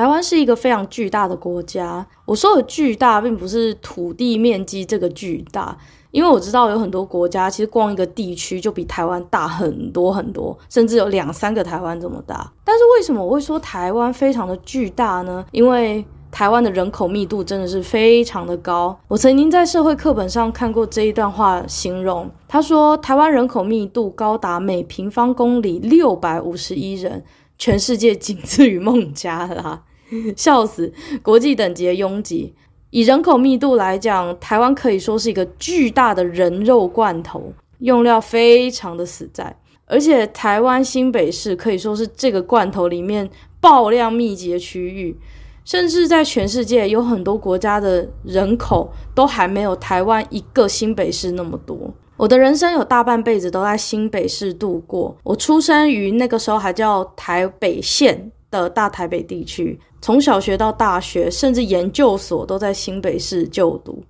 台灣是一個非常巨大的國家。我說的“巨大”並不是土地面積這個巨大，因為我知道有很多國家，其實光一個地區就比台灣大很多很多，甚至有兩三個台灣這麼大。但是為什麼我會說台灣非常的巨大呢？因為台灣的人口密度真的是非常的高。我曾經在社會課本上看過這一段話，形容他說：“台灣人口密度高達每平方公里六百五十一人，全世界僅次於孟加拉，。” 笑死！國際等級的擁擠，以人口密度來講，台灣可以說是一個巨大的人肉罐頭，用料非常的實在。而且，台灣新北市可以說是這個罐頭裡面爆量密集的區域，甚至在全世界有很多國家的人口都還沒有台灣一個新北市那麼多。我的人生有大半輩子都在新北市度過，我出生於那個時候還叫台北縣的大台北地區，從小學到大學，甚至研究所，都在新北市就讀。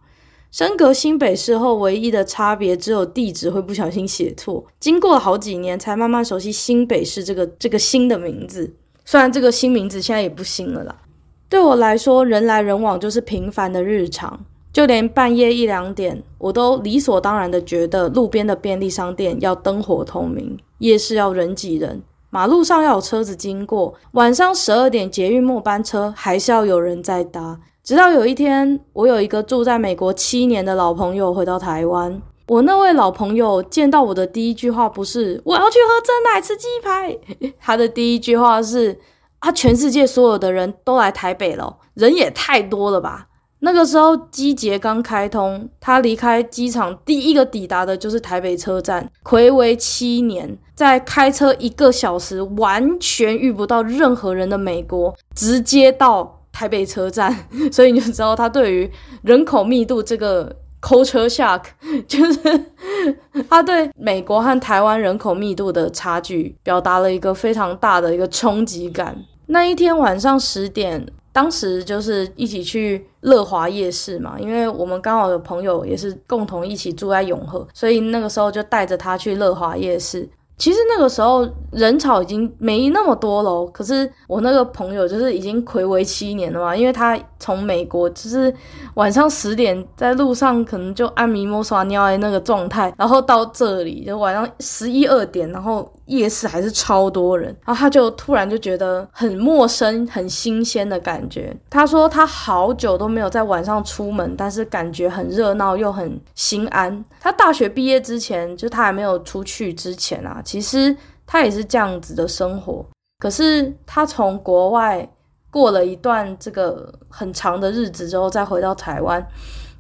升格新北市後，唯一的差別只有地址會不小心寫錯。經過了好幾年，才慢慢熟悉新北市這個這個新的名字。雖然這個新名字現在也不新了啦。對我來說，人來人往就是平凡的日常。就連半夜一兩點，我都理所當然的覺得路邊的便利商店要燈火通明，夜市要人擠人。馬路上要有車子經過，晚上十二點捷運末班車還是要有人在搭。直到有一天，我有一個住在美國七年的老朋友回到台灣，我那位老朋友見到我的第一句話不是“我要去喝珍奶吃雞排”， 他的第一句話是：“啊，全世界所有的人都來台北了，人也太多了吧？”那個時候機捷剛開通，他離開機場第一個抵達的就是台北車站，暌違七年。在開車一個小時，完全遇不到任何人的美國，直接到台北車站， 所以你就知道他對於人口密度這個 culture shock，就是 他對美國和台灣人口密度的差距，表達了一個非常大的一個衝擊感。那一天晚上十點，當時就是一起去樂華夜市嘛，因為我們剛好有朋友也是共同一起住在永和，所以那個時候就帶着他去樂華夜市。其實那個時候人潮已經沒那麼多嘍。可是我那個朋友就是已經暌違七年了嘛，因為他從美國，就是晚上十點在路上可能就按咪摸耍尿哎那個狀態，然後到這裡就晚上十一二點，然後夜市還是超多人，然後他就突然就覺得很陌生、很新鮮的感覺。他說他好久都沒有在晚上出門，但是感覺很熱鬧又很心安。他大學畢業之前，就他還沒有出去之前啊。其實他也是這樣子的生活，可是他從國外過了一段這個很長的日子之後，再回到台灣，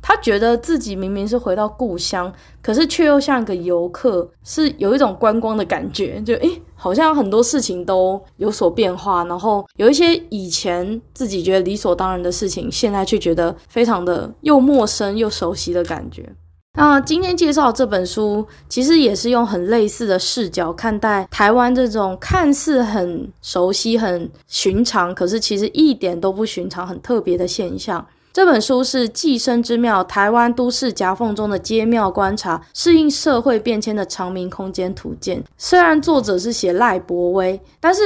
他覺得自己明明是回到故鄉，可是卻又像一個遊客，是有一種觀光的感覺。就誒，好像很多事情都有所變化，然後有一些以前自己覺得理所當然的事情，現在卻覺得非常的又陌生又熟悉的感覺。那、呃、今天介紹這本書，其實也是用很類似的視角看待台灣這種看似很熟悉、很尋常，可是其實一點都不尋常、很特別的現象。這本書是《寄生之廟：台灣都市夾縫中的街廟觀察》，適應社會變遷的常民空間圖鑑。雖然作者是寫賴伯威，但是。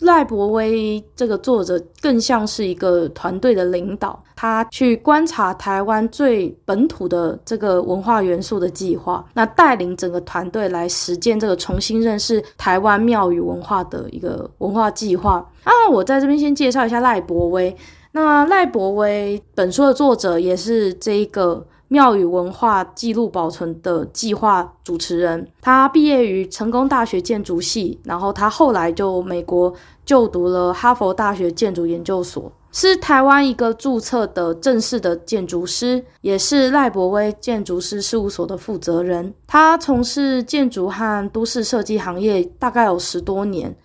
賴伯威這個作者更像是一個團隊的領導，他去觀察台灣最本土的這個文化元素的計劃，那帶領整個團隊來實踐這個重新認識台灣廟宇文化的一個文化計劃啊！我在這邊先介紹一下賴伯威，那賴伯威本書的作者也是這一個。廟宇文化記錄保存的計劃主持人，他畢業於成功大學建築系，然後他後來就美國就讀了哈佛大學建築研究所，是台灣一個註冊的正式的建築師，也是賴伯威建築師事務所的負責人。他從事建築和都市設計行業大概有十多年，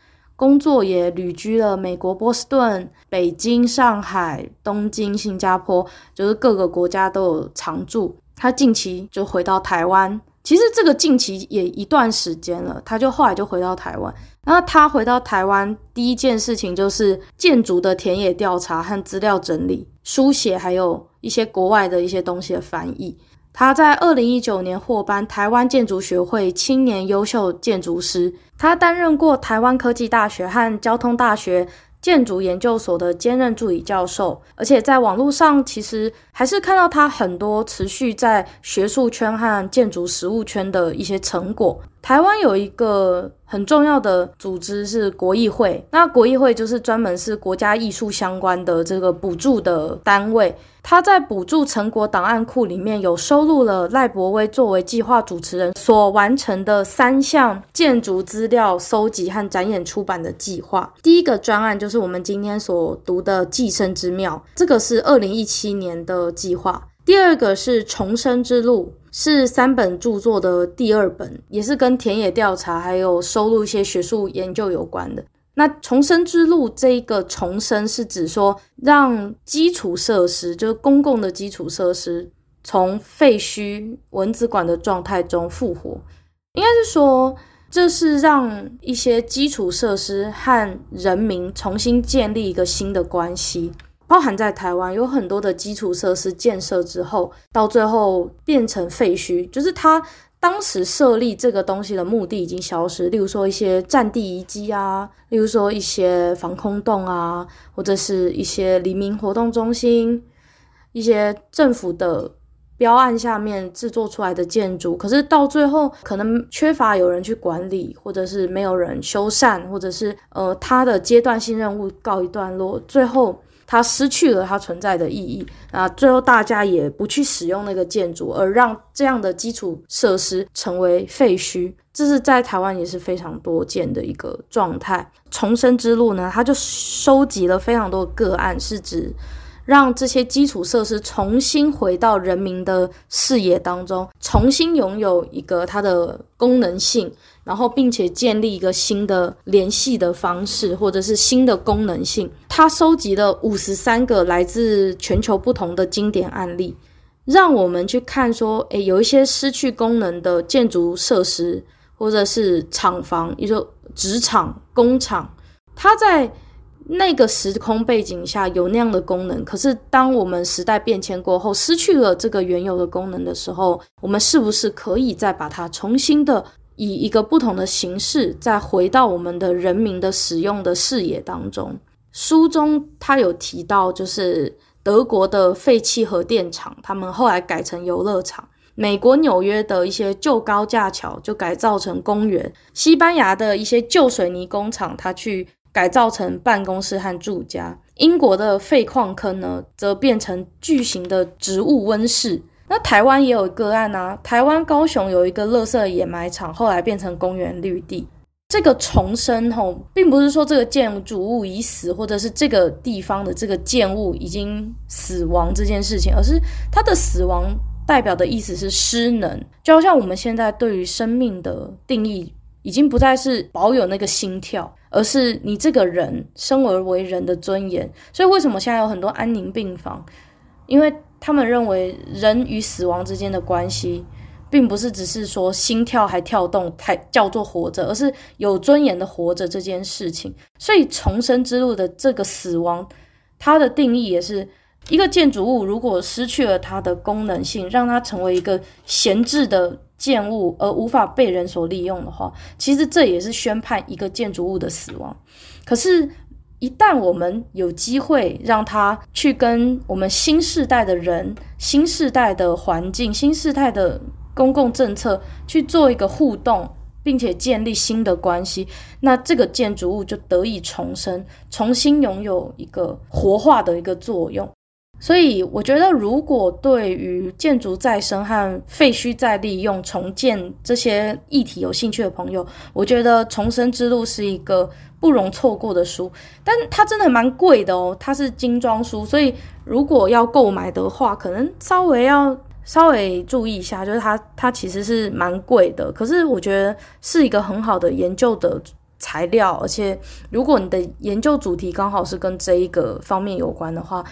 工作也旅居了美國波士頓、北京、上海、東京、新加坡，就是各個國家都有常住。他近期就回到台灣，其實這個近期也一段時間了，他就後來就回到台灣。然後他回到台灣第一件事情就是建築的田野調查和資料整理、書寫，還有一些國外的一些東西的翻譯。他在二零一九年獲頒台灣建築學會青年優秀建築師。他擔任過台灣科技大學和交通大學建築研究所的兼任助理教授，而且在網絡上其實還是看到他很多持續在學術圈和建築實務圈的一些成果。台灣有一個很重要的組織是國藝會，那國藝會就是專門是國家藝術相關的這個補助的單位。他在補助成果檔案庫裡面有收錄了賴伯威作為計劃主持人所完成的三項建築資料蒐集和展演出版的計劃。第一個專案就是我們今天所讀的《寄生之廟》，這個是二零一七年的計劃；第二個是《重生之路》。是三本著作的第二本，也是跟田野調查還有收錄一些學術研究有關的。那重生之路，這一個重生是指說，讓基礎設施，就是公共的基礎設施，從廢墟、蚊子館的狀態中復活。應該是說，這是讓一些基礎設施和人民重新建立一個新的關係。包含在台灣有很多的基礎設施建設之後，到最後變成廢墟，就是他當時設立這個東西的目的已經消失。例如說一些戰地遺跡啊，例如說一些防空洞啊，或者是一些黎明活動中心，一些政府的標案下面制作出來的建築，可是到最後可能缺乏有人去管理，或者是沒有人修繕，或者是呃，他的階段性任務告一段落，最後。它失去了它存在的意義啊！然後最後大家也不去使用那個建築，而讓這樣的基礎設施成為廢墟，這是在台灣也是非常多見的一個狀態。重生之路呢，它就收集了非常多個案，是指。讓這些基礎設施重新回到人民的視野當中，重新擁有一個它的功能性，然後並且建立一個新的聯繫的方式，或者是新的功能性。它收集了五十三個來自全球不同的經典案例，讓我們去看說，誒，有一些失去功能的建築設施或者是廠房，也就職場工廠，它在。那個時空背景下有那樣的功能，可是當我們時代變遷過後，失去了這個原有的功能的時候，我們是不是可以再把它重新的以一個不同的形式，再回到我們的人民的使用的視野當中？書中他有提到，就是德國的廢棄核電廠，他們後來改成遊樂場；美國紐約的一些舊高架橋就改造成公園；西班牙的一些舊水泥工廠，他去。改造成辦公室和住家，英國的廢礦坑呢，則變成巨型的植物溫室。那台灣也有個案啊，台灣高雄有一個垃圾掩埋場，後來變成公園綠地。這個重生吼、哦，並不是說這個建築物已死，或者是這個地方的這個建物已經死亡這件事情，而是它的死亡代表的意思是失能，就好像我們現在對於生命的定義。已經不再是保有那個心跳，而是你這個人生而為，為人的尊嚴。所以為什麼現在有很多安寧病房？因為他們認為人與死亡之間的關係，並不是只是說心跳還跳動，才叫做活着，而是有尊嚴的活着這件事情。所以重生之路的這個死亡，它的定義也是一個建築物如果失去了它的功能性，讓它成為一個閒置的。建物而無法被人所利用的話，其實這也是宣判一個建築物的死亡。可是，一旦我們有機會讓它去跟我們新世代的人、新世代的環境、新世代的公共政策去做一個互動，並且建立新的關係，那這個建築物就得以重生，重新擁有一個活化的一個作用。所以我覺得，如果對於建築再生和廢墟再利用、重建這些議題有興趣的朋友，我覺得《重生之路》是一個不容錯過的書，但它真的蠻貴的哦，它是精裝書，所以如果要購買的話，可能稍微要稍微注意一下，就是它它其實是蠻貴的，可是我覺得是一個很好的研究的材料，而且如果你的研究主題剛好是跟這一個方面有關的話。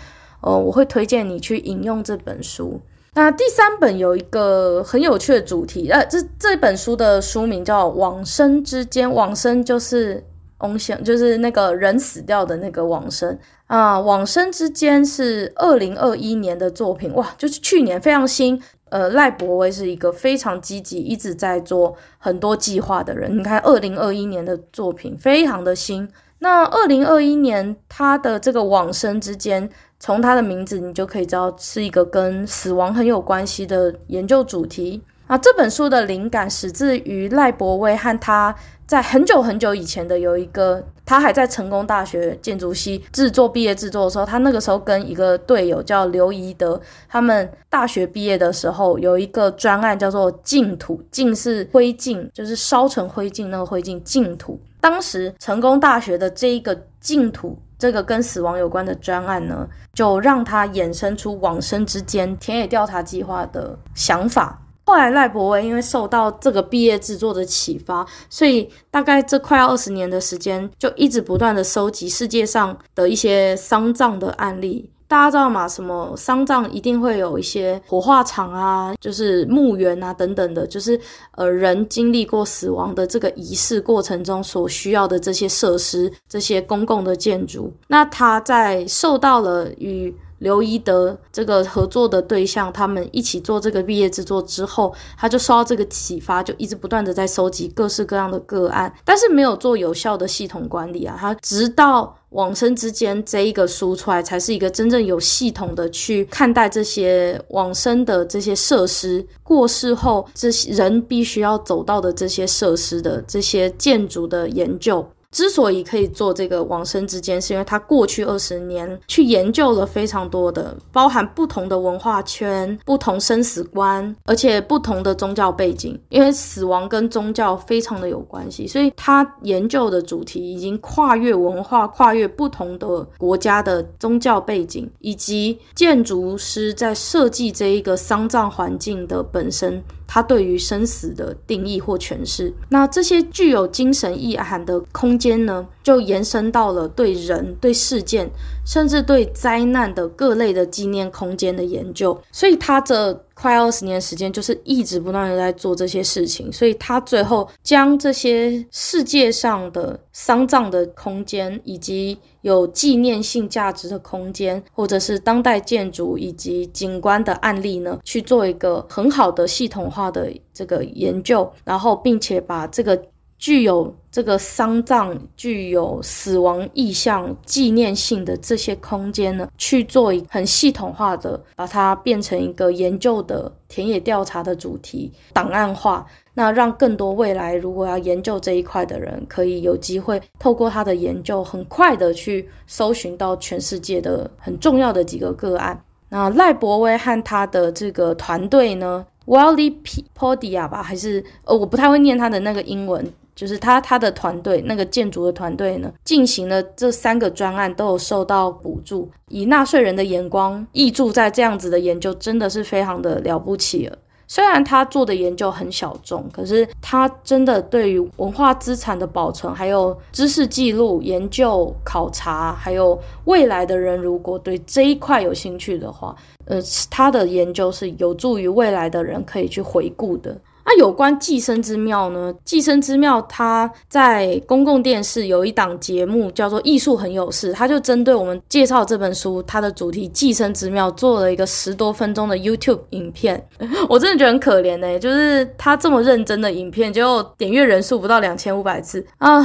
呃，我會推薦你去引用這本書。那第三本有一個很有趣的主題，呃，這這本書的書名叫《往生之間》，往生就是往想就是那個人死掉的那個往生啊、呃。往生之間是二零二一年的作品，哇，就是去年非常新。呃，賴伯威是一個非常積極，一直在做很多計劃的人。你看，二零二一年的作品非常的新。那二零二一年他的這個往生之間。從他的名字，你就可以知道是一個跟死亡很有關係的研究主題啊。那這本書的靈感始自於賴伯威和他在很久很久以前的有一個，他還在成功大學建築系制作畢業制作的時候，他那個時候跟一個隊友叫劉宜德，他們大學畢業的時候有一個專案叫做“燼土”，燼是灰燼，就是燒成灰燼那個灰燼燼土。當時成功大學的這一個燼土。這個跟死亡有關的專案呢，就讓他衍生出《往生之間田野調查計劃》的想法。後來，賴伯威因為受到這個畢業制作的啟發，所以大概這快要二十年的時間，就一直不斷的收集世界上的一些喪葬的案例。大家知道嗎？什麼喪葬一定會有一些火化場啊，就是墓園啊等等的，就是呃，人經歷過死亡的這個儀式過程中所需要的這些設施、這些公共的建築。那它在受到了與劉一德這個合作的對象，他們一起做這個畢業制作之後，他就受到這個啟發，就一直不斷地在收集各式各樣的個案，但是沒有做有效的系統管理啊。他直到往生之間這一個書出來，才是一個真正有系統的去看待這些往生的這些設施，過世後這些人必須要走到的這些設施的這些建築的研究。之所以可以做這個往生之間，是因為他過去二十年去研究了非常多的包含不同的文化圈、不同生死觀，而且不同的宗教背景。因為死亡跟宗教非常的有關係，所以他研究的主題已經跨越文化、跨越不同的國家的宗教背景，以及建築師在設計這一個喪葬環境的本身。他對於生死的定義或詮釋，那這些具有精神意涵的空間呢，就延伸到了對人、對事件，甚至對災難的各類的紀念空間的研究，所以他的，快二十年時間，就是一直不斷的在做這些事情，所以他最後將這些世界上的喪葬的空間，以及有紀念性價值的空間，或者是當代建築以及景觀的案例呢，去做一個很好的系統化的這個研究，然後並且把這個具有。這個喪葬具有死亡意象、紀念性的這些空間呢，去做一個很系統化的，把它變成一個研究的田野調查的主題，檔案化，那讓更多未來如果要研究這一塊的人，可以有機會透過他的研究，很快的去搜尋到全世界的很重要的幾個個案。那賴伯威和他的這個團隊呢？Wildly Podia 吧，還是呃，我不太會念他的那個英文，就是他他的團隊那個建築的團隊呢，進行了這三個專案都有受到補助，以納稅人的眼光挹注在這樣子的研究，真的是非常的了不起了。雖然他做的研究很小眾，可是他真的對於文化資產的保存，還有知識記錄，研究、考察，還有未來的人如果對這一塊有興趣的話，呃，他的研究是有助於未來的人可以去回顧的。那、啊、有關寄生之廟呢？寄生之廟，他在公共電視有一檔節目叫做《藝術很有事》，他就針對我們介紹這本書，它的主題寄生之廟做了一個十多分鐘的 YouTube 影片。 我真的覺得很可憐呢、欸，就是他這麼認真的影片，就點閱人數不到兩千五百次啊！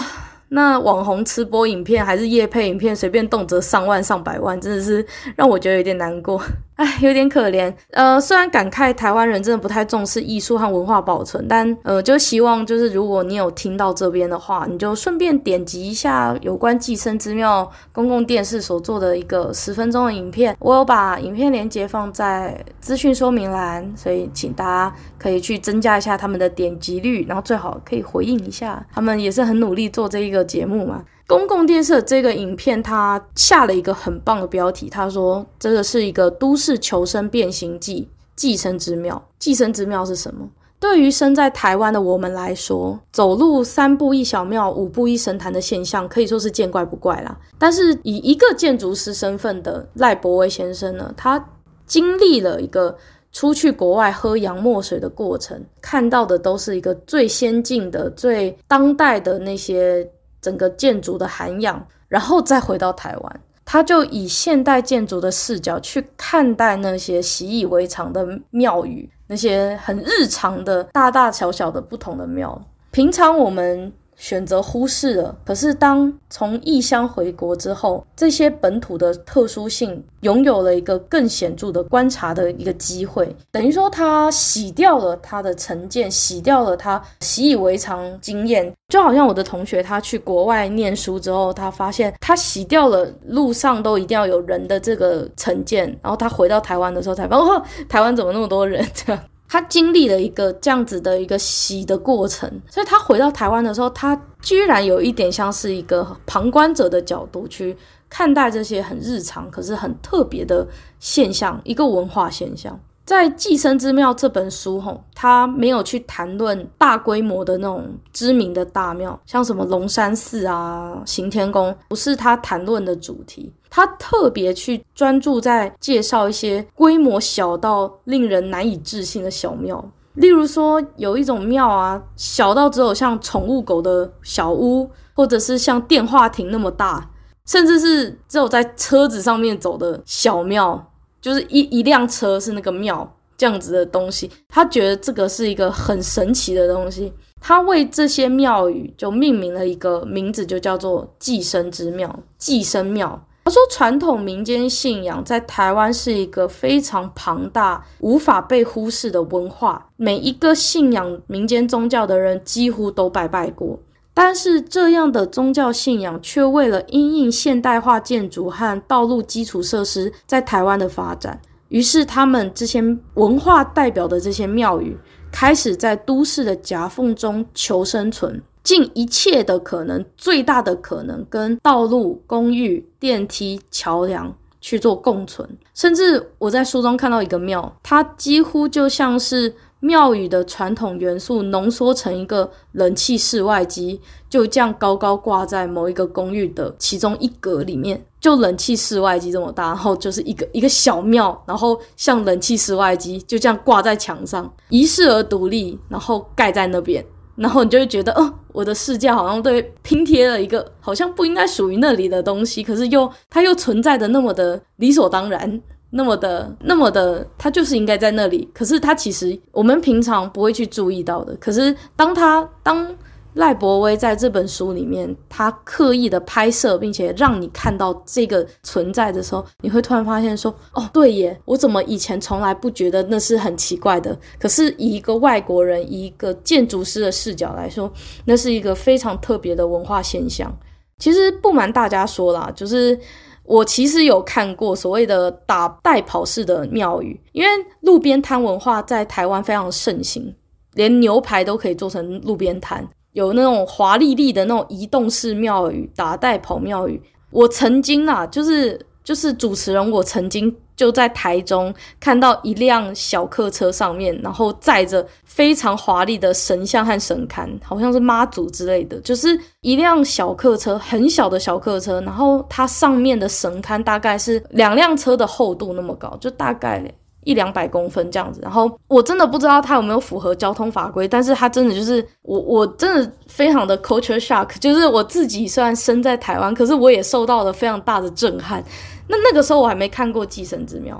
那網紅吃播影片還是業配影片，隨便動輒上萬上百萬，真的是讓我覺得有點難過。哎，有點可憐。呃，雖然感慨台灣人真的不太重視藝術和文化保存，但呃，就希望就是如果你有聽到這邊的話，你就順便點擊一下有關寄生之廟公共電視所做的一個十分鐘的影片。我有把影片連結放在資訊說明欄，所以請大家可以去增加一下他們的點擊率，然後最好可以回應一下，他們也是很努力做這一個節目嘛。公共電視這個影片，他下了一個很棒的標題，他說：“這個是一個都市求生變形記，寄生之廟。”寄生之廟是什麼？對於身在台灣的我們來說，走路三步一小廟，五步一神壇的現象可以說是見怪不怪了。但是以一個建築師身份的賴伯威先生呢，他經歷了一個出去國外喝洋墨水的過程，看到的都是一個最先進的、最當代的那些。整個建築的涵養，然後再回到台灣，他就以現代建築的視角去看待那些習以為常的廟宇，那些很日常的大大小小的不同的廟。平常我們選擇忽視了。可是當從異鄉回國之後，這些本土的特殊性擁有了一個更顯著的觀察的一個機會。等於說，他洗掉了他的成見，洗掉了他習以為常經驗。就好像我的同學，他去國外念書之後，他發現他洗掉了路上都一定要有人的這個成見，然後他回到台灣的時候才發現，哦，台灣怎麼那麼多人？這樣。他經歷了一個這樣子的一個洗的過程，所以他回到台灣的時候，他居然有一點像是一個旁觀者的角度去看待這些很日常可是很特別的現象，一個文化現象。在《寄生之廟》這本書吼，他沒有去談論大規模的那種知名的大廟，像什麼龍山寺啊、行天宮，不是他談論的主題。他特別去專注在介紹一些規模小到令人難以置信的小廟，例如說有一種廟啊，小到只有像寵物狗的小屋，或者是像電話亭那麼大，甚至是只有在車子上面走的小廟，就是一一輛車是那個廟這樣子的東西。他覺得這個是一個很神奇的東西，他為這些廟宇就命名了一個名字，就叫做寄生之廟，寄生廟。他說，傳統民間信仰在台灣是一個非常龐大、無法被忽視的文化。每一個信仰民間宗教的人，幾乎都拜拜過。但是，這樣的宗教信仰卻為了因應現代化建築和道路基礎設施在台灣的發展，於是他們這些文化代表的這些廟宇，開始在都市的夾縫中求生存。盡一切的可能，最大的可能跟道路、公寓、電梯、橋樑去做共存。甚至我在書中看到一個廟，它幾乎就像是廟宇的傳統元素濃縮成一個冷氣室外機，就這樣高高掛在某一個公寓的其中一格裡面，就冷氣室外機這麼大，然後就是一個一個小廟，然後像冷氣室外機就這樣掛在牆上，遺世而獨立，然後蓋在那邊。然後你就會覺得，哦，我的世界好像對拼貼了一個好像不應該屬於那裡的東西，可是又它又存在的那麼的理所當然，那麼的那麼的，它就是應該在那裡，可是它其實我們平常不會去注意到的，可是當它當。賴伯威在這本書裡面，他刻意的拍攝，並且讓你看到這個存在的時候，你會突然發現說：“哦，對耶，我怎麼以前從來不覺得那是很奇怪的？”可是以一個外國人、以一個建築師的視角來說，那是一個非常特別的文化現象。其實不瞞大家說啦，就是我其實有看過所謂的打帶跑式的廟宇，因為路邊攤文化在台灣非常盛行，連牛排都可以做成路邊攤。有那種華麗麗的那種移動式廟宇，打帶跑廟宇。我曾經啊，就是就是主持人，我曾經就在台中看到一輛小客車上面，然後載着非常華麗的神像和神龕，好像是媽祖之類的，就是一輛小客車，很小的小客車，然後它上面的神龕大概是兩輛車的厚度那麼高，就大概咧。一兩百公分這樣子，然後我真的不知道它有沒有符合交通法規，但是它真的就是我，我真的非常的 culture shock，就是我自己雖然生在台灣，可是我也受到了非常大的震撼。那那個時候我還沒看過寄生之廟，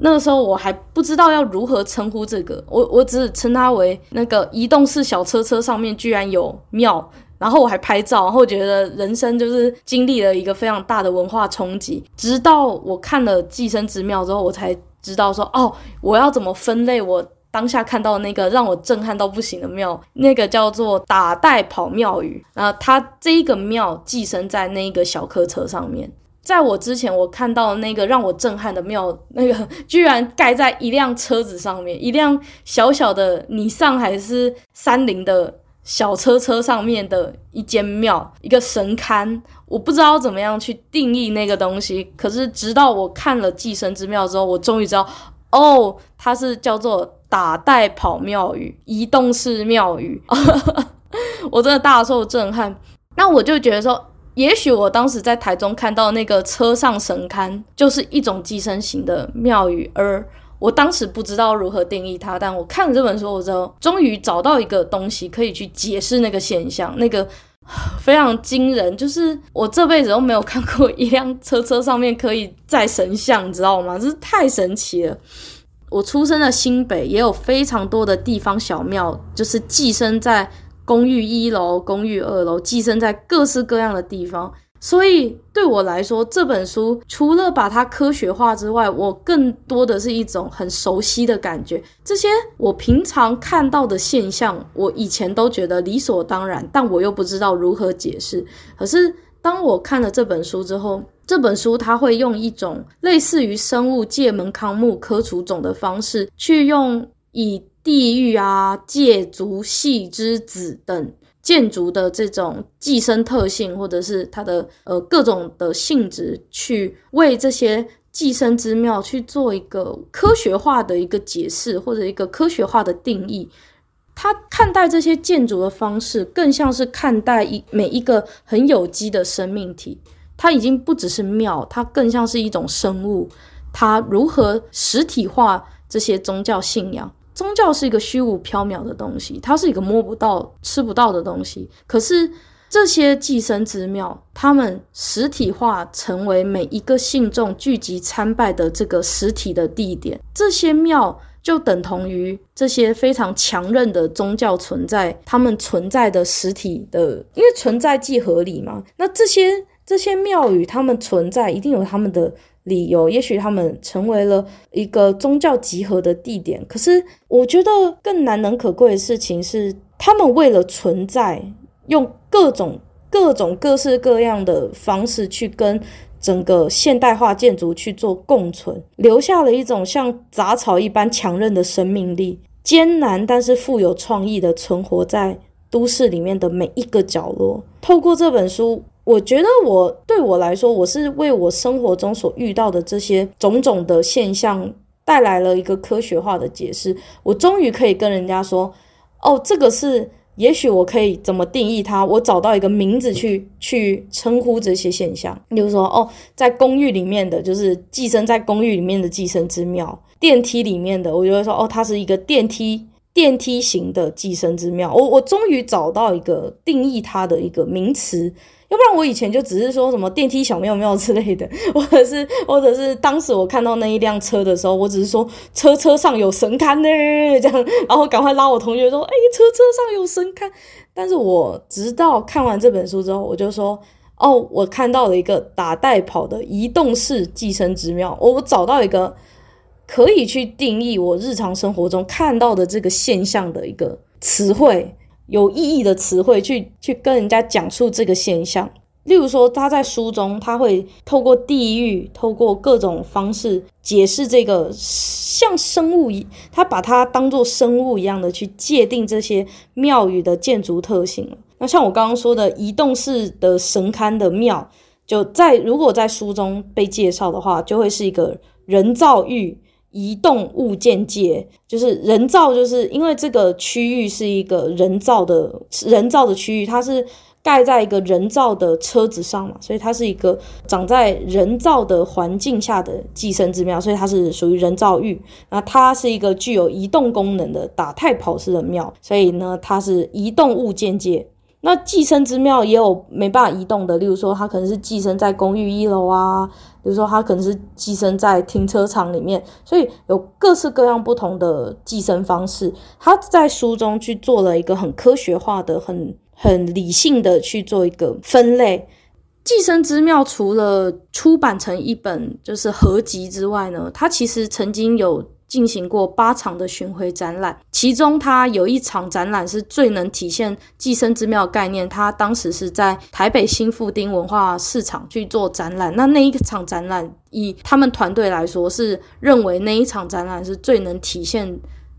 那個時候我還不知道要如何稱呼這個，我我只稱它為那個移動式小車車，上面居然有廟，然後我還拍照，然後我覺得人生就是經歷了一個非常大的文化衝擊。直到我看了寄生之廟之後，我才。知道說哦，我要怎麼分類？我當下看到那個讓我震撼到不行的廟，那個叫做打帶跑廟宇。那它這一個廟寄生在那一個小客車上面。在我之前，我看到那個讓我震撼的廟，那個居然蓋在一輛車子上面，一輛小小的，Nissan 還是三菱的。小車車上面的一間廟，一個神龕，我不知道怎麼樣去定義那個東西。可是直到我看了《寄生之廟》之後，我終於知道，哦，它是叫做打帶跑廟宇，移動式廟宇。 我真的大受震撼。那我就覺得說，也許我當時在台中看到那個車上神龕，就是一種寄生型的廟宇，而我當時不知道如何定義它，但我看了這本書，我就終於找到一個東西可以去解釋那個現象。那個非常驚人，就是，我這輩子都沒有看過一輛車車上面可以載神像，你知道嗎？就是太神奇了。我出生的新北也有非常多的地方小廟，就是寄生在公寓一樓、公寓二樓，寄生在各式各樣的地方。所以對我來說，這本書除了把它科學化之外，我更多的是一種很熟悉的感覺。這些我平常看到的現象，我以前都覺得理所當然，但我又不知道如何解釋。可是當我看了這本書之後，這本書它會用一種類似於生物界門綱目科屬種的方式，去用以地域啊、界族系之子等。建築的這種寄生特性，或者是它的呃各種的性質，去為這些寄生之廟去做一個科學化的一個解釋，或者一個科學化的定義。他看待這些建築的方式，更像是看待一每一個很有機的生命體。它已經不只是廟，它更像是一種生物。它如何實體化這些宗教信仰？宗教是一個虛無縹緲的東西，它是一個摸不到、吃不到的東西。可是這些寄生之廟，它們實體化成為每一個信眾聚集參拜的這個實體的地點，這些廟就等同於這些非常強韌的宗教存在，它們存在的實體的，因為存在即合理嘛。那這些這些廟宇，它們存在一定有它們的。理由，也許他們成為了一個宗教集合的地點，可是我覺得更難能可貴的事情是，他們為了存在，用各種各種各式各樣的方式去跟整個現代化建築去做共存，留下了一種像雜草一般強韌的生命力，艱難但是富有創意的存活在都市裡面的每一個角落。透過這本書，我覺得我對我來說，我是為我生活中所遇到的這些種種的現象帶來了一個科學化的解釋。我終於可以跟人家說：“哦，這個是也許我可以怎麼定義它？我找到一個名字去去稱呼這些現象。比如說，哦，在公寓裡面的就是寄生在公寓裡面的寄生之廟；電梯裡面的，我就會說，哦，它是一個電梯電梯型的寄生之廟。我、哦、我終於找到一個定義它的一個名詞。”要不然我以前就只是說什麼電梯小廟廟之類的，或者是或者是當時我看到那一輛車的時候，我只是說車車上有神龕呢，這樣，然後趕快拉我同學說，哎，車車上有神龕。但是我直到看完這本書之後，我就說，哦，我看到了一個打帶跑的移動式寄生之廟，我找到一個可以去定義我日常生活中看到的這個現象的一個詞彙。有意義的詞彙去去跟人家講述這個現象，例如說他在書中他會透過地域、透過各種方式解釋這個像生物一，他把它當做生物一樣的去界定這些廟宇的建築特性。那像我剛剛說的移動式的神龕的廟，就在如果在書中被介紹的話，就會是一個人造玉。移動物件界，就是人造，就是因為這個區域是一個人造的人造的區域，它是蓋在一個人造的車子上嘛，所以它是一個長在人造的環境下的寄生之廟，所以它是屬於人造域。那它是一個具有移動功能的打帶跑式的廟，所以呢，它是移動物件界。那寄生之廟也有沒辦法移動的，例如說它可能是寄生在公寓一樓啊，比如說它可能是寄生在停車場裡面，所以有各式各樣不同的寄生方式。他在書中去做了一個很科學化的、很很理性的去做一個分類。寄生之廟除了出版成一本就是合集之外呢，他其實曾經有。進行過八場的巡迴展覽，其中他有一場展覽是最能體現“寄生之廟”概念。他當時是在台北新富町文化市場去做展覽，那那一場展覽以他們團隊來說，是認為那一場展覽是最能體現。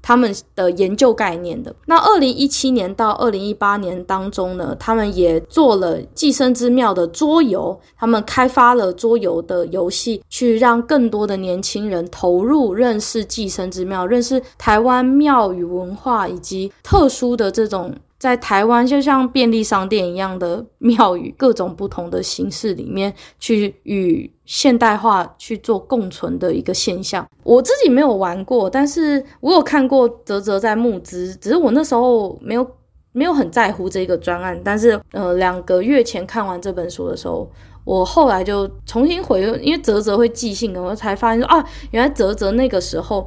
他們的研究概念的。那二零一七年到二零一八年當中呢，他們也做了寄生之廟的桌遊，他們開發了桌遊的遊戲，去讓更多的年輕人投入認識寄生之廟，認識台灣廟宇文化以及特殊的這種。在台灣，就像便利商店一樣的廟宇，各種不同的形式裡面去與現代化去做共存的一個現象。我自己沒有玩過，但是我有看過澤澤在募資，只是我那時候沒有沒有很在乎這個專案。但是，呃，兩個月前看完這本書的時候，我後來就重新回，因為澤澤會寄信，我才發現說啊，原來澤澤那個時候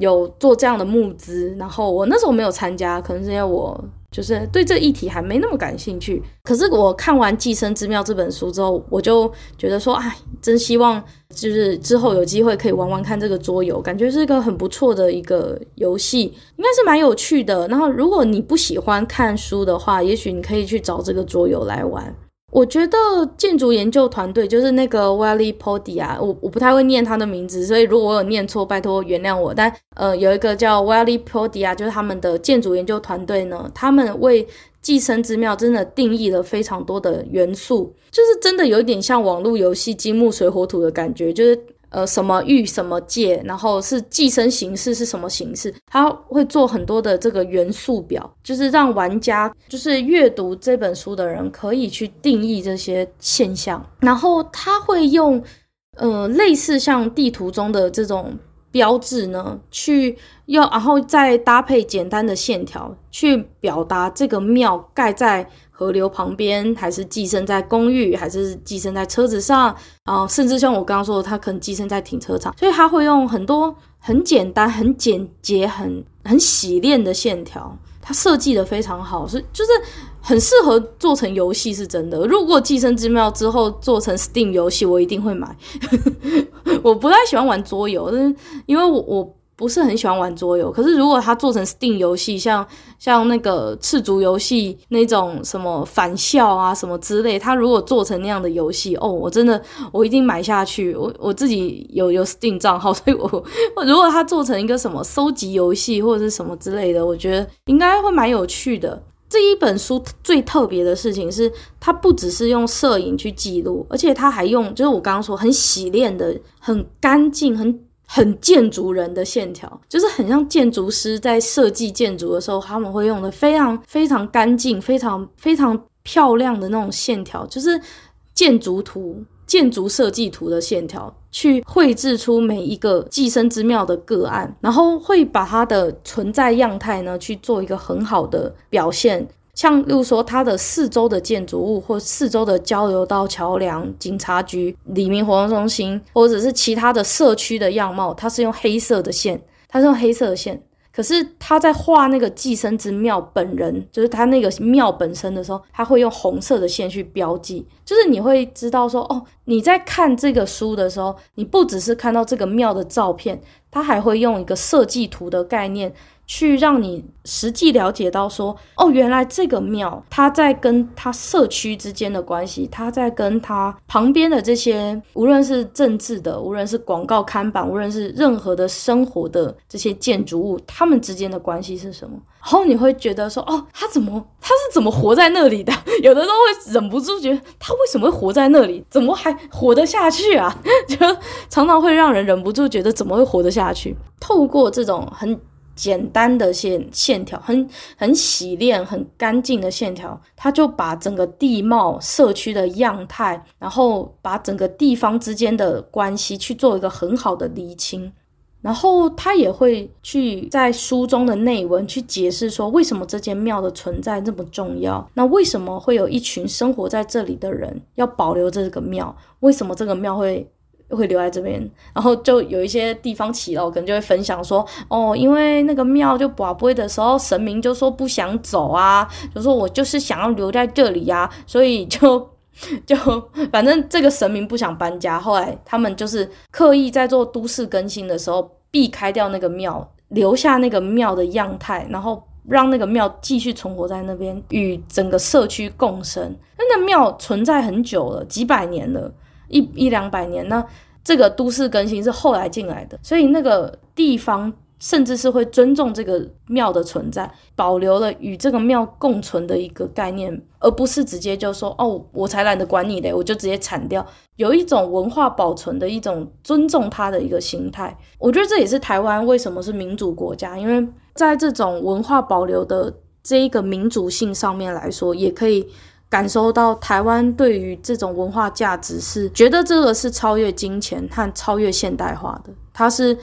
有做這樣的募資，然後我那時候沒有參加，可能是因為我。就是對這議題還沒那麼感興趣，可是我看完《寄生之廟》這本書之後，我就覺得說，哎，真希望就是之後有機會可以玩玩看這個桌遊，感覺是一個很不錯的一個遊戲，應該是蠻有趣的。然後，如果你不喜歡看書的話，也許你可以去找這個桌遊來玩。我覺得建築研究團隊就是那個 Wally Podia，我我不太會念他的名字，所以如果我有念錯，拜託原諒我。但呃，有一個叫 Wally Podia，就是他們的建築研究團隊呢，他們為寄生之廟真的定義了非常多的元素，就是真的有點像網絡遊戲金木水火土的感覺，就是。呃，什麼域什麼界，然後是寄生形式是什麼形式？他會做很多的這個元素表，就是讓玩家，就是閱讀這本書的人可以去定義這些現象。然後他會用，呃，類似像地圖中的這種標誌呢，去要然後再搭配簡單的線條去表達這個廟蓋在。河流旁邊，還是寄生在公寓，還是寄生在車子上，然、呃、甚至像我剛剛說的，它可能寄生在停車場，所以他會用很多很簡單、很簡潔、很很洗練的線條，他設計的非常好，是就是很適合做成遊戲，是真的。如果《寄生之廟》之後做成 Steam 遊戲，我一定會買。 我不太喜歡玩桌遊，但是因為我，我我。不是很喜歡玩桌遊，可是如果它做成 Steam 遊戲，像像那個赤燭遊戲那種什麼返校啊什麼之類，他如果做成那樣的遊戲，哦，我真的我一定買下去。我我自己有有 Steam 賬號，所以我如果他做成一個什麼收集遊戲或者是什麼之類的，我覺得應該會蠻有趣的。這一本書最特別的事情是，它不只是用攝影去記錄，而且它還用就是我剛剛說很洗練的、很乾淨、很。很建築人的線條，就是很像建築師在設計建築的時候，他們會用的非常非常乾淨、非常非常漂亮的那種線條，就是建築圖、建築設計圖的線條，去繪製出每一個寄生之廟的個案，然後會把它的存在樣態呢去做一個很好的表現。像例如說，它的四周的建築物或四周的交流道、橋樑、警察局、黎明活動中心，或者是其他的社區的樣貌，它是用黑色的線，它是用黑色的線。可是他在畫那個寄生之廟本人，就是他那個廟本身的時候，他會用紅色的線去標記，就是你會知道說，哦，你在看這個書的時候，你不只是看到這個廟的照片，他還會用一個設計圖的概念，去讓你實際了解到說，哦，原來這個廟，它在跟它社區之間的關係，它在跟它旁邊的這些，無論是政治的，無論是廣告看板，無論是任何的生活的這些建築物，它們之間的關係是什麼？然後你會覺得說，哦，他怎麼他是怎麼活在那裡的？有的時候會忍不住覺得，他為什麼會活在那裡？怎麼還活得下去啊？就常常會讓人忍不住覺得，怎麼會活得下去？透過這種很。簡單的線線條，很很洗練、很乾淨的線條，他就把整個地貌、社區的樣態，然後把整個地方之間的關係去做一個很好的釐清。然後他也會去在書中的內文去解釋說，為什麼這間廟的存在那麼重要？那為什麼會有一群生活在這裡的人要保留這個廟？為什麼這個廟會？會留在這邊，然後就有一些地方起了，我可能就會分享說，哦，因為那個廟就寶會的時候，神明就說不想走啊，就說我就是想要留在這裡啊，所以就就反正這個神明不想搬家。後來他們就是刻意在做都市更新的時候，避開掉那個廟，留下那個廟的樣態，然後讓那個廟繼續存活在那邊，與整個社區共生。那那廟存在很久了，幾百年了。一一兩百年，那這個都市更新是後來進來的，所以那個地方甚至是會尊重這個廟的存在，保留了與這個廟共存的一個概念，而不是直接就說哦，我才懶得管你嘞，我就直接鏟掉。有一種文化保存的一種尊重它的一個心態，我覺得這也是台灣為什麼是民主國家，因為在這種文化保留的這一個民主性上面來說，也可以感受到台灣對於這種文化價值是覺得這個是超越金錢和超越現代化的，它是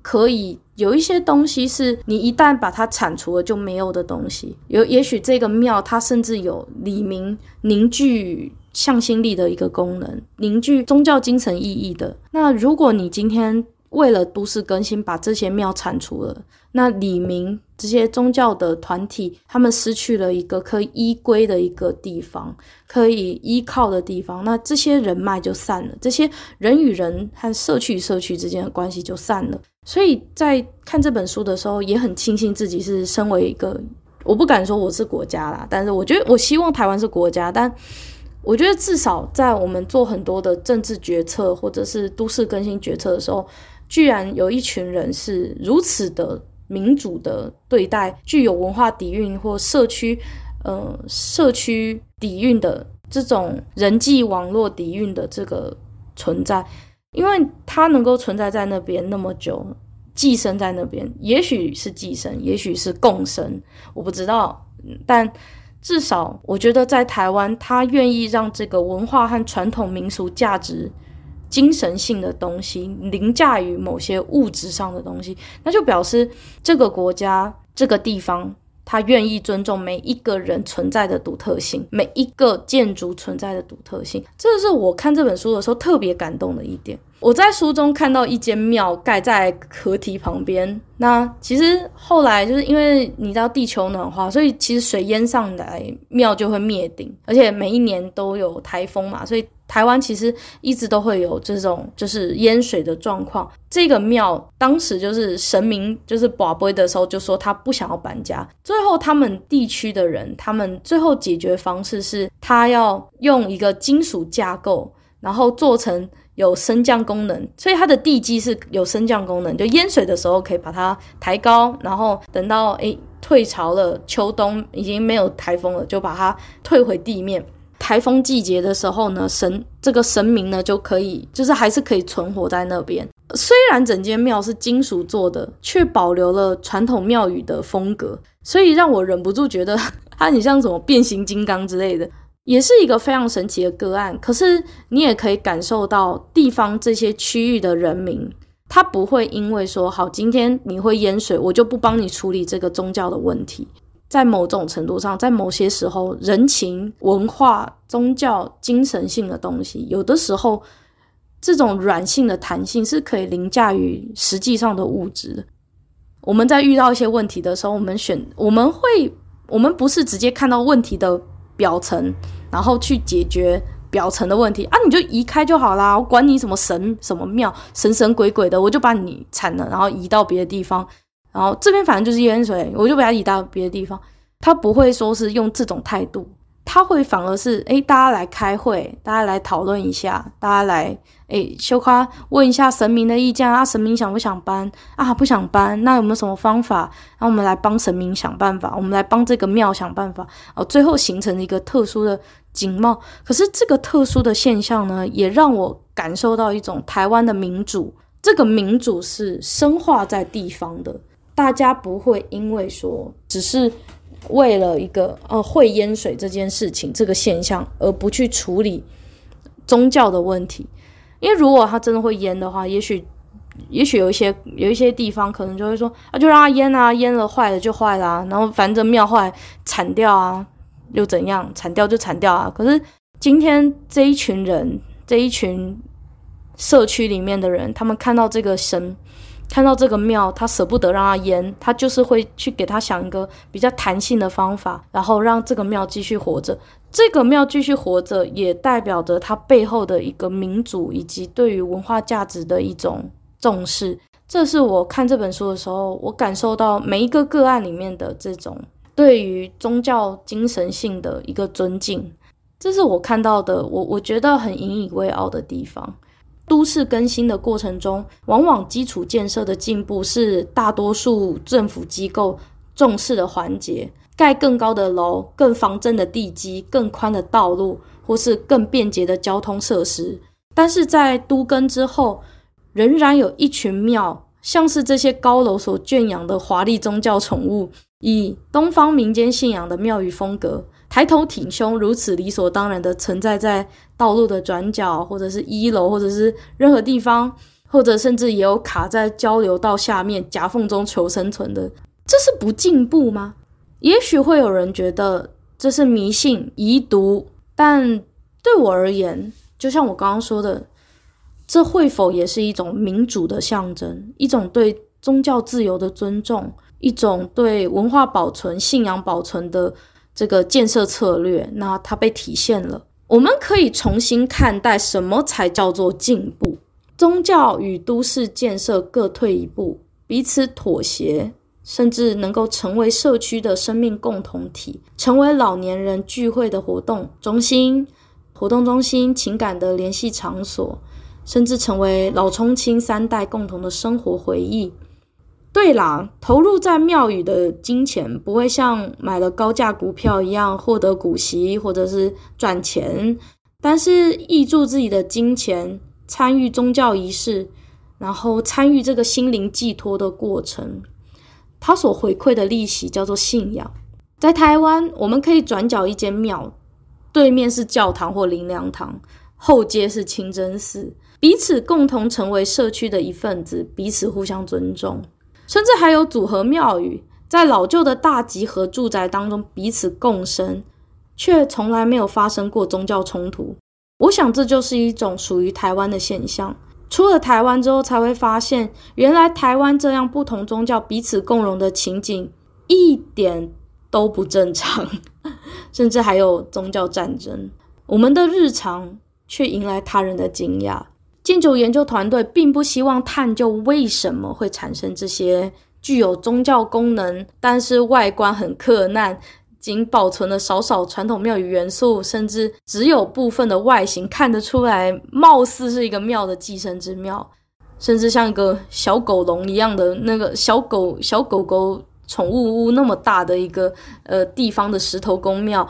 可以有一些東西是你一旦把它剷除了就沒有的東西。有也許這個廟它甚至有裡面凝聚向心力的一個功能，凝聚宗教精神意義的。那如果你今天，為了都市更新，把這些廟鏟除了。那李明這些宗教的團體，他們失去了一個可以依歸的一個地方，可以依靠的地方。那這些人脈就散了，這些人與人和社區與社區之間的關係就散了。所以在看這本書的時候，也很慶幸自己是身為一個，我不敢說我是國家啦，但是我覺得我希望台灣是國家。但我覺得至少在我們做很多的政治決策或者是都市更新決策的時候，居然有一群人是如此的民主的對待具有文化底蘊或社區，呃，社區底蘊的這種人際網絡底蘊的這個存在，因為它能夠存在在那邊那麼久，寄生在那邊，也許是寄生，也許是共生，我不知道。但至少我覺得在台灣，它願意讓這個文化和傳統民俗價值。精神性的東西凌駕於某些物質上的東西，那就表示這個國家、這個地方，他願意尊重每一個人存在的獨特性，每一個建築存在的獨特性，這是我看這本書的時候特別感動的一點。我在書中看到一間廟蓋在河堤旁邊，那其實後來就是因為你知道地球暖化，所以其實水淹上來廟就會滅頂，而且每一年都有台風嘛，所以。台灣其實一直都會有這種就是淹水的狀況。這個廟當時就是神明就是保庇的時候就說他不想要搬家。最後他們地區的人，他們最後解決方式是他要用一個金屬架構，然後做成有升降功能，所以它的地基是有升降功能，就淹水的時候可以把它抬高，然後等到誒、欸、退潮了，秋冬已經沒有台風了，就把它退回地面。颱風季節的時候呢，神，這個神明呢就可以，就是還是可以存活在那邊。雖然整間廟是金屬做的，卻保留了傳統廟宇的風格，所以讓我忍不住覺得，啊，它很像什麼變形金剛之類的，也是一個非常神奇的個案。可是你也可以感受到地方這些區域的人民，他不會因為說好今天你會淹水，我就不幫你處理這個宗教的問題。在某種程度上，在某些時候，人情、文化、宗教、精神性的東西，有的時候，這種軟性的彈性是可以凌駕於實際上的物質。我們在遇到一些問題的時候，我們選，我們會，我們不是直接看到問題的表層，然後去解決表層的問題啊，你就移開就好啦，我管你什麼神什麼廟，神神鬼鬼的，我就把你鏟了，然後移到別的地方。然後這邊反正就是淹水，我就把它移到別的地方。他不會說是用這種態度，他會反而是哎，大家來開會，大家來討論一下，大家來哎，修誇問一下神明的意見啊，神明想不想搬啊？不想搬，那有沒有什麼方法？那、啊、我們來幫神明想辦法，我們來幫這個廟想辦法，哦，最後形成一個特殊的景貌。可是這個特殊的現象呢，也讓我感受到一種台灣的民主，這個民主是深化在地方的。大家不會因為說，只是為了一個呃會淹水這件事情、這個現象而不去處理宗教的問題，因為如果他真的會淹的話，也許也許有一些有一些地方可能就會說，啊就讓他淹啊，淹了壞了就壞了啊，然後反正廟壞，鏟掉啊，又怎樣，鏟掉就鏟掉啊。可是今天這一群人，這一群社區裡面的人，他們看到這個神，看到這個廟，他捨不得讓它淹，他就是會去給他想一個比較彈性的方法，然後讓這個廟繼續活着。這個廟繼續活着，也代表着它背後的一個民族以及對於文化價值的一種重視。這是我看這本書的時候，我感受到每一個個案裡面的這種對於宗教精神性的一個尊敬。這是我看到的，我我覺得很引以為傲的地方。都市更新的過程中，往往基礎建設的進步是大多數政府機構重視的環節，蓋更高的樓、更方正的地基、更寬的道路，或是更便捷的交通設施。但是在都更之後，仍然有一群廟，像是這些高樓所圈養的華麗宗教寵物，以東方民間信仰的廟宇風格。抬頭挺胸，如此理所當然的存在在道路的轉角，或者是一樓，或者是任何地方，或者甚至也有卡在交流道下面夾縫中求生存的，這是不進步嗎？也許會有人覺得這是迷信、遺毒，但對我而言，就像我剛剛說的，這會否也是一種民主的象徵，一種對宗教自由的尊重，一種對文化保存、信仰保存的。這個建設策略，那它被體現了。我們可以重新看待什麼才叫做進步？宗教與都市建設各退一步，彼此妥協，甚至能夠成為社區的生命共同體，成為老年人聚會的活動中心，活動中心情感的聯繫場所，甚至成為老中青三代共同的生活回憶。對啦，投入在廟宇的金錢不會像買了高價股票一樣獲得股息或者是賺錢，但是挹注自己的金錢，參與宗教儀式，然後參與這個心靈寄托的過程，他所回饋的利息叫做信仰。在台灣，我們可以轉角一間廟，對面是教堂或靈糧堂，後街是清真寺，彼此共同成為社區的一份子，彼此互相尊重。甚至還有組合廟宇，在老舊的大集合住宅當中彼此共生，卻從來沒有發生過宗教衝突。我想這就是一種屬於台灣的現象。出了台灣之後，才會發現原來台灣這樣不同宗教彼此共融的情景一點都不正常，甚至還有宗教戰爭。我們的日常卻迎來他人的驚訝。建築研究團隊並不希望探究為什麼會產生這些具有宗教功能，但是外觀很克難，僅保存了少少傳統廟宇元素，甚至只有部分的外形看得出來，貌似是一個廟的寄生之廟，甚至像一個小狗籠一樣的那個小狗、小狗狗寵物屋那麼大的一個呃地方的石頭公廟，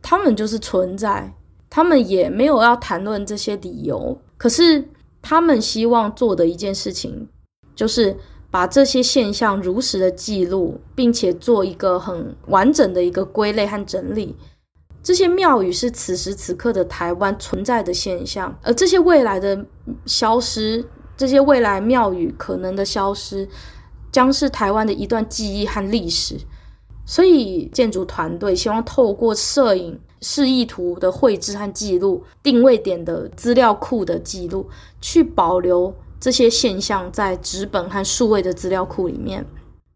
他們就是存在，他們也沒有要談論這些理由。可是，他們希望做的一件事情，就是把這些現象如實的記錄，並且做一個很完整的一個歸類和整理。這些廟宇是此時此刻的台灣存在的現象，而這些未來的消失，這些未來廟宇可能的消失，將是台灣的一段記憶和歷史。所以，建築團隊希望透過攝影，示意圖的繪製和記錄，定位點的資料庫的記錄，去保留這些現象在紙本和數位的資料庫裡面。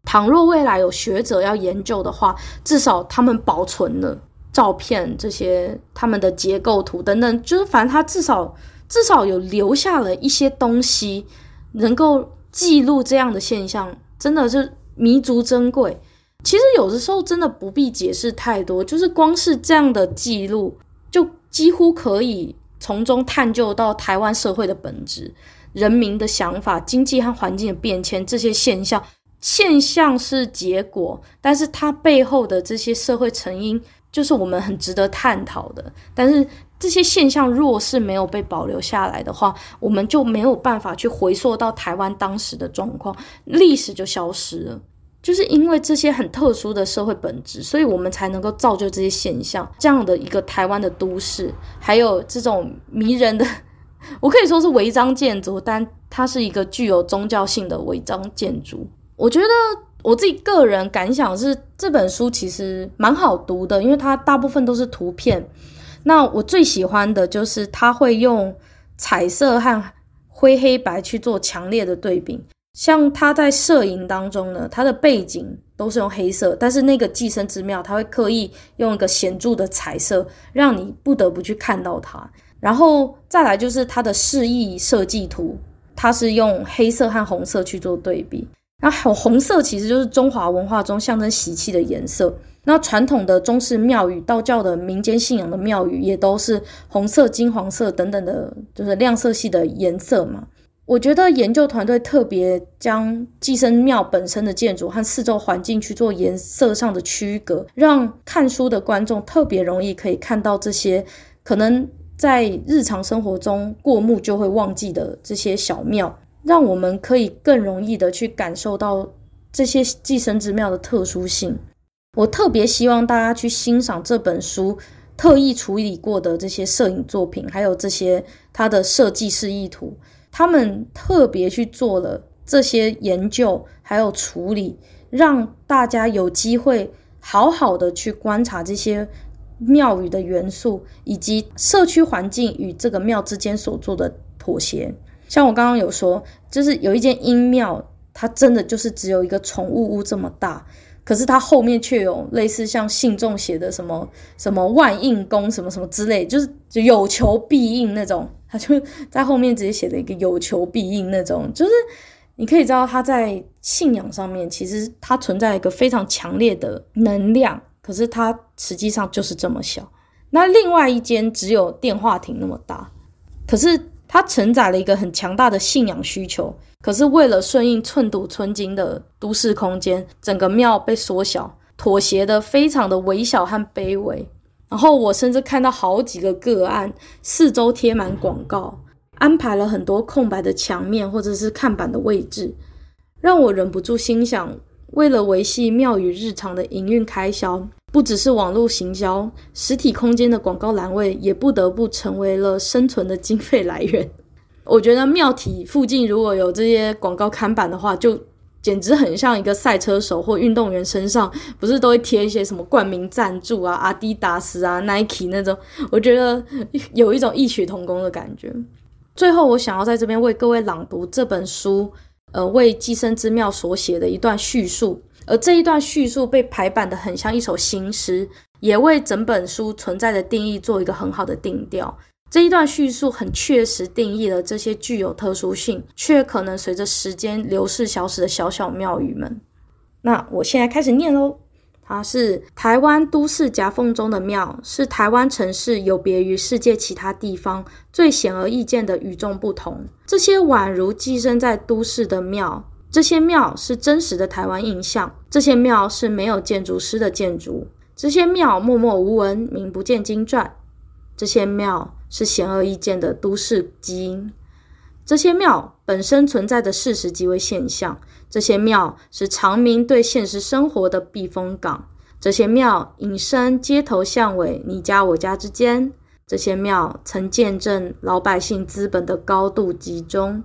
倘若未來有學者要研究的話，至少他們保存了照片、這些他們的結構圖等等，就是反正他至少至少有留下了一些東西，能夠記錄這樣的現象，真的是彌足珍貴。其實有的時候真的不必解釋太多，就是光是這樣的記錄，就幾乎可以從中探究到台灣社會的本質、人民的想法、經濟和環境的變遷這些現象。現象是結果，但是它背後的這些社會成因，就是我們很值得探討的。但是這些現象若是沒有被保留下來的話，我們就沒有辦法去回溯到台灣當時的狀況，歷史就消失了。就是因為這些很特殊的社會本質，所以我們才能夠造就這些現象。這樣的一個台灣的都市，還有這種迷人的，我可以說是違章建築，但它是一個具有宗教性的違章建築。我覺得我自己個人感想是，這本書其實蠻好讀的，因為它大部分都是圖片。那我最喜歡的就是它會用彩色和灰黑白去做強烈的對比。像他在攝影當中呢，他的背景都是用黑色，但是那個寄生之廟，他會刻意用一個顯著的彩色，讓你不得不去看到它。然後再來就是他的示意設計圖，他是用黑色和紅色去做對比。然後紅色其實就是中華文化中象徵喜氣的顏色。那傳統的中式廟宇、道教的民間信仰的廟宇也都是紅色、金黃色等等的，就是亮色系的顏色嘛。我覺得研究團隊特別將寄生廟本身的建築和四周環境去做顏色上的區隔，讓看書的觀眾特別容易可以看到這些可能在日常生活中過目就會忘記的這些小廟，讓我們可以更容易的去感受到這些寄生之廟的特殊性。我特別希望大家去欣賞這本書特意處理過的這些攝影作品，還有這些它的設計示意圖。他們特別去做了這些研究，還有處理，讓大家有機會好好的去觀察這些廟宇的元素，以及社區環境與這個廟之間所做的妥協。像我剛剛有說，就是有一間陰廟，它真的就是只有一個寵物屋這麼大。可是他後面卻有類似像信眾寫的什麼什麼萬應宮什麼什麼之類，就是有求必應那種，他就在後面直接寫了一個有求必應那種，就是你可以知道他在信仰上面其實他存在一個非常強烈的能量，可是他實際上就是這麼小，那另外一間只有電話亭那麼大，可是。它承載了一個很強大的信仰需求，可是為了順應寸土寸金的都市空間，整個廟被縮小，妥協得非常的微小和卑微。然後我甚至看到好幾個個案，四周貼滿廣告，安排了很多空白的牆面或者是看板的位置，讓我忍不住心想，為了維繫廟宇日常的營運開銷。不只是網絡行銷，實體空間的廣告欄位也不得不成為了生存的經費來源。我覺得廟體附近如果有這些廣告看板的話，就簡直很像一個賽車手或運動員身上不是都會貼一些什麼冠名贊助啊、阿迪達斯啊、Nike 那種。我覺得有一種異曲同工的感覺。最後，我想要在這邊為各位朗讀這本書，呃，為《寄生之廟》所寫的一段敘述。而這一段敘述被排版得很像一首行詩，也為整本書存在的定義做一個很好的定調。這一段敘述很確實定義了這些具有特殊性卻可能隨着時間流逝消失的小小廟宇們。那我現在開始念嘍。它是台灣都市夾縫中的廟，是台灣城市有別於世界其他地方最顯而易見的與眾不同。這些宛如寄生在都市的廟。這些廟是真實的台灣印象，這些廟是沒有建築師的建築，這些廟默默無聞，名不見經傳，這些廟是顯而易見的都市基因，這些廟本身存在的事實即為現象，這些廟是常民對現實生活的避風港，這些廟隱身街頭巷尾，你家我家之間，這些廟曾見證老百姓資本的高度集中。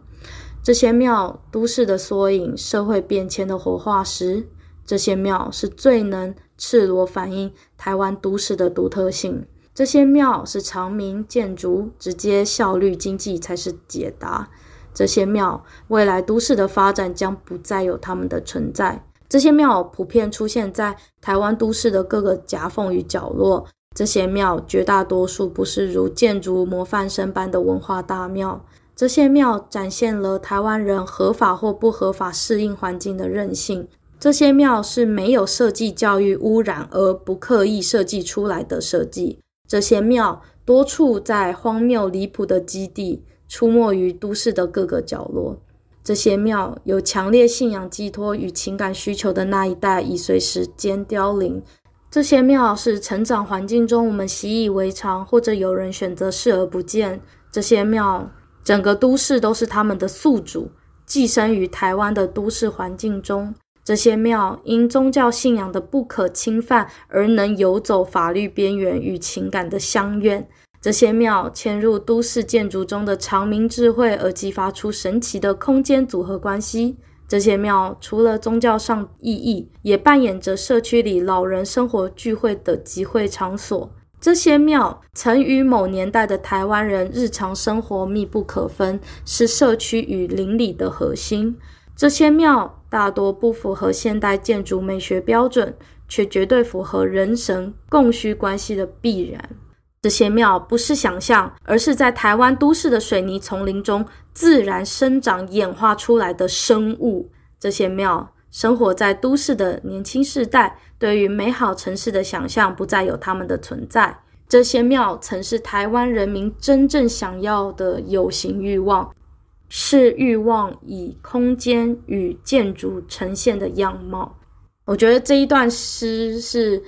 這些廟，都市的縮影，社會變遷的活化石。這些廟是最能赤裸反映台灣都市的獨特性。這些廟是常民建築，直接效率經濟才是解答。這些廟未來都市的發展將不再有它們的存在。這些廟普遍出現在台灣都市的各個夾縫與角落。這些廟絕大多數不是如建築模範生般的文化大廟。這些廟展現了台灣人合法或不合法適應環境的韌性。這些廟是沒有設計教育污染而不刻意設計出來的設計。這些廟多處在荒謬離譜的基地，出沒於都市的各個角落。這些廟有強烈信仰寄託與情感需求的那一代已隨時間凋零。這些廟是成長環境中我們習以為常，或者有人選擇視而不見。這些廟。整個都市都是他們的宿主，寄生於台灣的都市環境中。這些廟因宗教信仰的不可侵犯而能游走法律邊緣與情感的鄉愿。這些廟嵌入都市建築中的常民智慧，而激發出神奇的空間組合關係。這些廟除了宗教上意義，也扮演着社區裡老人生活聚會的集會場所。這些廟曾與某年代的台灣人日常生活密不可分，是社區與鄰里的核心。這些廟大多不符合現代建築美學標準，卻絕對符合人神供需關係的必然。這些廟不是想象，而是在台灣都市的水泥叢林中自然生長演化出來的生物。這些廟生活在都市的年輕世代。對於美好城市的想象不再有他們的存在，這些廟曾是台灣人民真正想要的有形慾望，是慾望以空間與建築呈現的樣貌。我覺得這一段詩是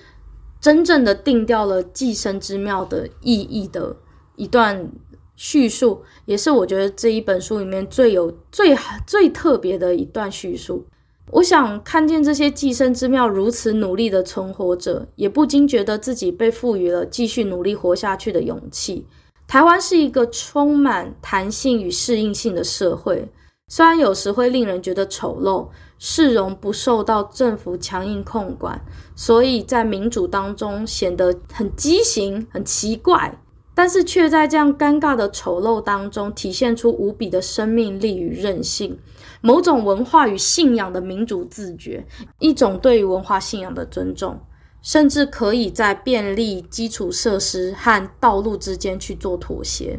真正的定調了寄生之廟的意義的一段敘述，也是我覺得這一本書裡面最有最好最特別的一段敘述。我想看見這些寄生之廟如此努力地存活着，也不禁覺得自己被賦予了繼續努力活下去的勇氣。台灣是一個充滿彈性與適應性的社會，雖然有時會令人覺得醜陋，市容不受到政府強硬控管，所以在民主當中顯得很畸形、很奇怪，但是卻在這樣尷尬的醜陋當中體現出無比的生命力與韌性。某種文化與信仰的民族自覺，一種對於文化信仰的尊重，甚至可以在便利基礎設施和道路之間去做妥協。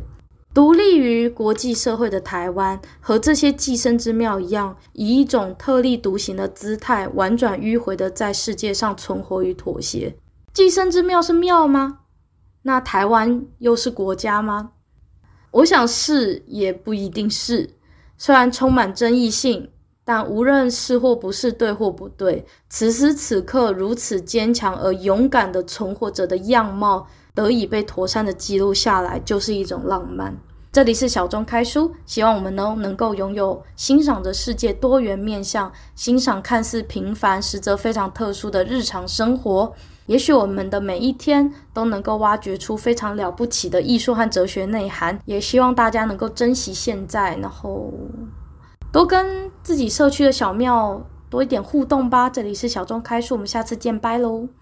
獨立於國際社會的台灣，和這些寄生之廟一樣，以一種特立獨行的姿態，婉轉迂回地在世界上存活與妥協。寄生之廟是廟嗎？那台灣又是國家嗎？我想是，也不一定是。雖然充滿爭議性，但無論是或不是，對或不對，此時此刻如此堅強而勇敢的存活者的樣貌得以被妥善的記錄下來，就是一種浪漫。這裡是小眾開書，希望我們能能夠擁有欣賞着世界多元面向，欣賞看似平凡實則非常特殊的日常生活。也許我們的每一天都能夠挖掘出非常了不起的藝術和哲學內涵，也希望大家能夠珍惜現在，然後多跟自己社區的小廟多一點互動吧。這裡是小眾開書，我們下次見，拜嘍。